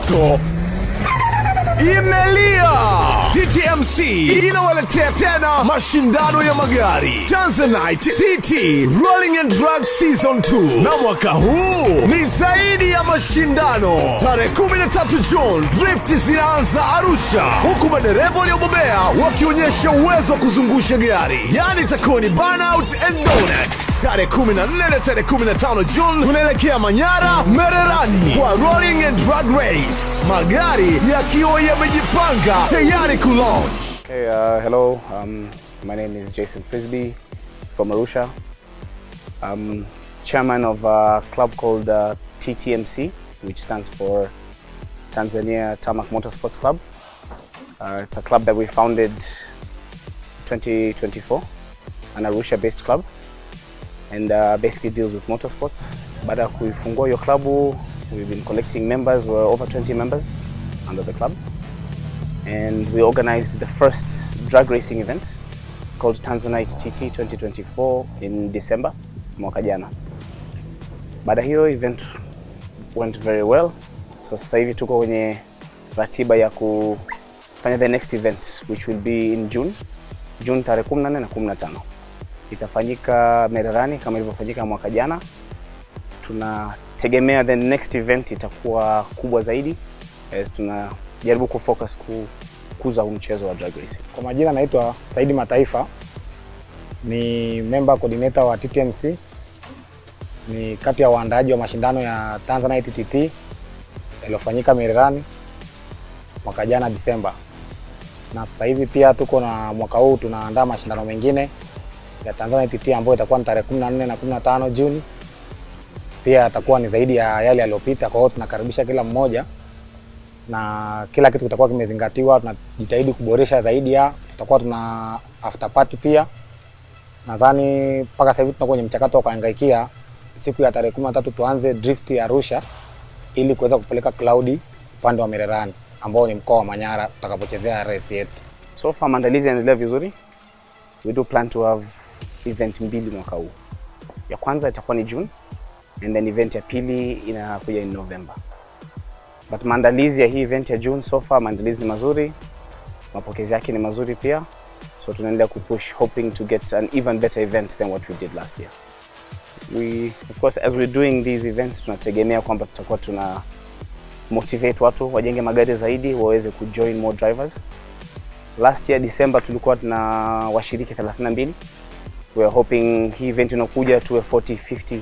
moto imelia ttmc inawaletea tena mashindano ya magari tanzanite tt rolling and drug season 2 na mwaka huu ni zaidi ya mashindano tarehe 13 juni drift zinaanza arusha huku madereva waliobobea wakionyesha uwezo wa kuzungusha gari yani itakuwa ni burnout and donuts tarehe 14 na tarehe 15 june tunaelekea manyara mererani kwa rolling and drug race magari yakiwa yamejipanga tayari Coulange. Hey, uh, hello. Um, my name is Jason Frisby from Arusha. I'm chairman of a club called uh, TTMC, which stands for Tanzania Tarmac Motorsports Club. Uh, it's a club that we founded 2024, an Arusha-based club, and uh, basically deals with motorsports. Baada ya we've been collecting members, we're over 20 members under the club and we organized the first drag racing event called Tanzanite TT 2024 in December mwaka jana. Baada hiyo event went very well, so sasa hivi tuko kwenye ratiba ya kufanya the next event which will be in June, June tarehe 14 na 15 itafanyika Mererani kama ilivyofanyika mwaka jana. Tunategemea the next event itakuwa kubwa zaidi as tuna jaribu kufocus kukuza huu mchezo wa drag racing. Kwa majina naitwa Saidi Mataifa, ni member coordinator wa TTMC, ni kati ya waandaaji wa mashindano ya Tanzanite TT yaliyofanyika Mererani mwaka jana Disemba, na sasa hivi pia tuko na mwaka huu tunaandaa mashindano mengine ya Tanzanite TT ambayo itakuwa ni tarehe 14 na 15 Juni, pia atakuwa ni zaidi ya yale yaliyopita. Kwa hiyo tunakaribisha kila mmoja na kila kitu kitakuwa kimezingatiwa. Tunajitahidi kuboresha zaidi ya tutakuwa tuna after party pia. Nadhani mpaka sasa hivi tunakuwa kwenye mchakato wa kuhangaikia siku ya tarehe 13 tuanze drift ya Arusha ili kuweza kupeleka Claudi upande wa Mererani ambao ni mkoa wa Manyara tutakapochezea race yetu. So far maandalizi yanaendelea vizuri. We do plan to have event mbili mwaka huu. Ya kwanza itakuwa ni June and then event ya pili inakuja in November. But maandalizi ya hii event ya June so far, maandalizi ni mazuri, mapokezi yake ni mazuri pia, so tunaendelea kupush hoping to get an even better event than what we did last year. We of course as we're doing these events, tunategemea kwamba tutakuwa tuna motivate watu wajenge magari zaidi, waweze kujoin more drivers. Last year December tulikuwa tuna washiriki 32. We are hoping hii event inakuja tuwe 40, 50,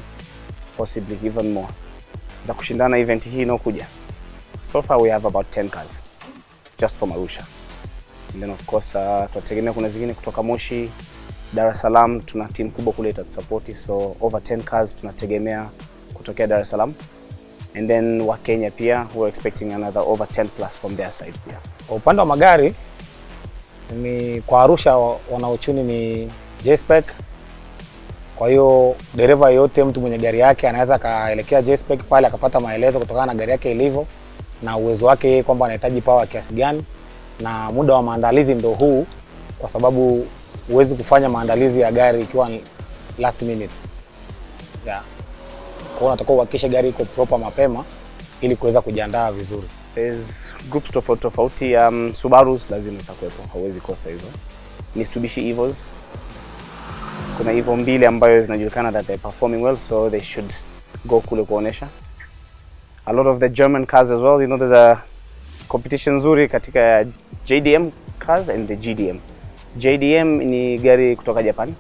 possibly even more za kushindana event hii inaokuja. So far we have about 10 cars just from Arusha. And then of course uh, tunategemea kuna zingine kutoka Moshi, Dar es Salaam tuna team kubwa kule itatusapoti, so over 10 cars tunategemea kutokea Dar es Salaam. And then wa Kenya pia are expecting another over 10 plus from their side pia. Kwa upande wa magari ni kwa Arusha wana uchuni ni JSpec. Kwa hiyo dereva yote, mtu mwenye gari yake anaweza akaelekea JSpec pale akapata maelezo kutokana na gari yake ilivyo na uwezo wake yeye kwamba anahitaji pawa kiasi gani, na muda wa maandalizi ndio huu, kwa sababu huwezi kufanya maandalizi ya gari ikiwa last minute yeah. Kwa hiyo unatakiwa uhakikishe gari iko proper mapema ili kuweza kujiandaa vizuri. There's groups tofauti tofauti, um, Subaru lazima zitakuwepo, hauwezi kosa hizo. Mitsubishi Evos kuna Evo mbili ambayo zinajulikana that they performing well so they should go kule kuonesha a lot of the German cars as well. You know, there's a competition nzuri katika JDM cars and the GDM. JDM ni gari kutoka Japan.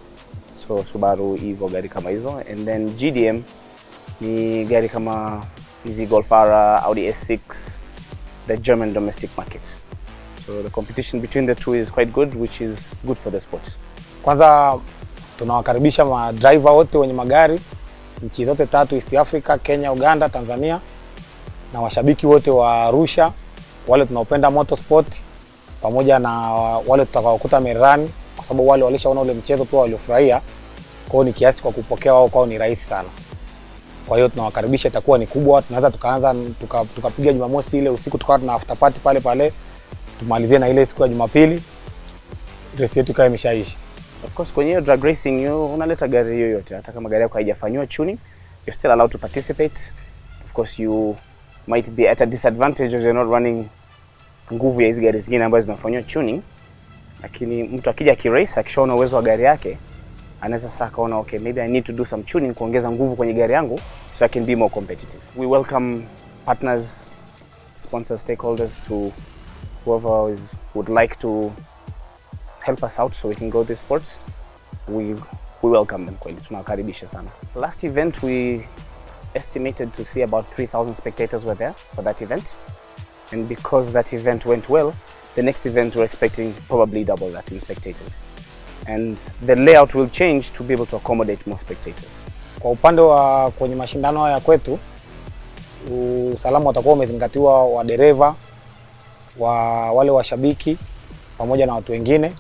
So Subaru Evo, gari kama hizo and then GDM ni gari kama hizi Golf R, Audi S6, the German domestic markets. So the competition between the two is quite good which is good for the sport. Kwanza tunawakaribisha madriver wote wenye magari nchi zote tatu East Africa, Kenya, Uganda, Tanzania na washabiki wote wa Arusha, wale tunaopenda motorsport pamoja na wale tutakaokuta Mererani, kwa sababu wale walishaona ule mchezo pia waliofurahia. kwao, ni kiasi kwa kupokea wao kwao ni rahisi sana. Kwa hiyo tunawakaribisha, itakuwa ni kubwa. Tunaweza tukaanza tukapiga tuka Jumamosi ile usiku tukawa tuna after party pale pale, tumalizie na ile siku ya Jumapili race yetu ikawa imeshaishi. Of course kwenye hiyo drag racing hiyo unaleta gari yoyote, hata kama gari yako haijafanywa tuning, you still allowed to participate. Of course you might be at a disadvantage you're not running nguvu ya hizi gari zingine ambazo zimefanywa tuning, lakini mtu akija kirace akishaona uwezo wa gari yake anaweza sasa akaona okay, maybe I need to do some tuning kuongeza nguvu kwenye gari yangu so I can be more competitive. We welcome partners, sponsors, stakeholders to whoever is, would like to help us out so we can go these sports. We, we welcome them kweli, tunawakaribisha sana. Last event we estimated to see about 3,000 spectators were there for that event. And because that event went well, the next event we're expecting probably double that in spectators. And the layout will change to be able to accommodate more spectators. Kwa upande wa kwenye mashindano haya kwetu, usalama utakuwa umezingatiwa wa dereva, wa wale washabiki pamoja na watu wengine,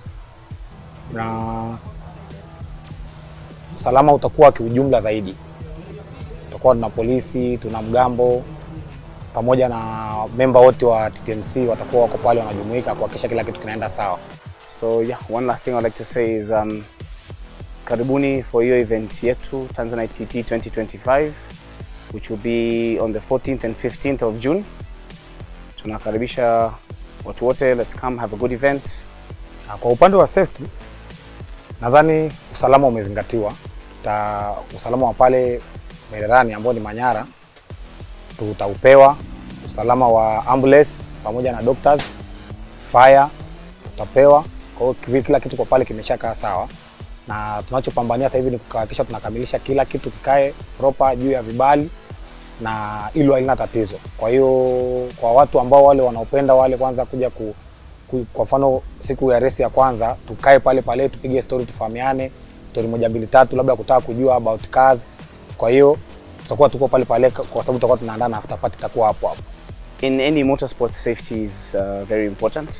na usalama utakuwa kiujumla zaidi tutakuwa tuna polisi, tuna mgambo pamoja na memba wote wa TTMC watakuwa wako pale wanajumuika kuhakikisha kila kitu kinaenda sawa. So yeah, one last thing I'd like to say is um, karibuni for hiyo event yetu Tanzanite TT 2025 which will be on the 14th and 15th of June. Tunakaribisha watu wote, let's come have a good event. Na kwa upande wa safety, nadhani usalama umezingatiwa. Ta usalama wa pale Mererani ambao ni Manyara, tutaupewa usalama wa ambulance pamoja na doctors, fire tutapewa. Kwa hiyo kila kitu kwa pale kimeshakaa sawa, na tunachopambania sasa hivi ni kuhakikisha tunakamilisha kila kitu kikae proper juu ya vibali na ilo halina tatizo. Kwa hiyo kwa watu ambao wale wanaopenda wale kwanza kuja ku, ku, kwa mfano siku ya resi ya kwanza tukae pale pale tupige story, tufahamiane story moja mbili tatu, labda kutaka kujua about cars kwa hiyo tutakuwa tuko pale pale kwa sababu tutakuwa tunaandaa na after party itakuwa hapo hapo. In any motorsport safety is uh, very important.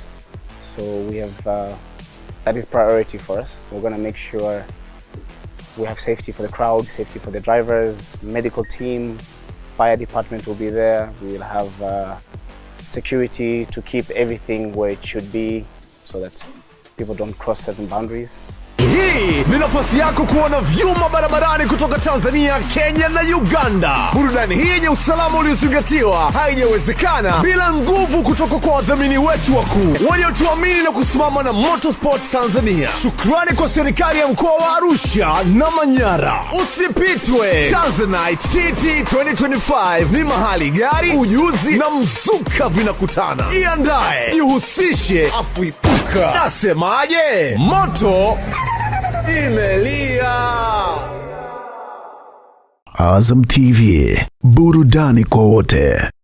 So we have uh, that is priority for us. We're going to make sure we have safety for the crowd, safety for the drivers, medical team, fire department will be there. We will have uh, security to keep everything where it should be so that people don't cross certain boundaries hii ni nafasi yako kuona vyuma barabarani kutoka tanzania kenya na uganda burudani hii yenye usalama uliozingatiwa haijawezekana bila nguvu kutoka kwa wadhamini wetu wakuu waliotuamini na kusimama na motorsport tanzania shukrani kwa serikali ya mkoa wa arusha na manyara usipitwe tanzanite tt 2025 ni mahali gari ujuzi na mzuka vinakutana Iandae, jihusishe afu ipuka nasemaje moto imelia. Azam TV, burudani kwa wote.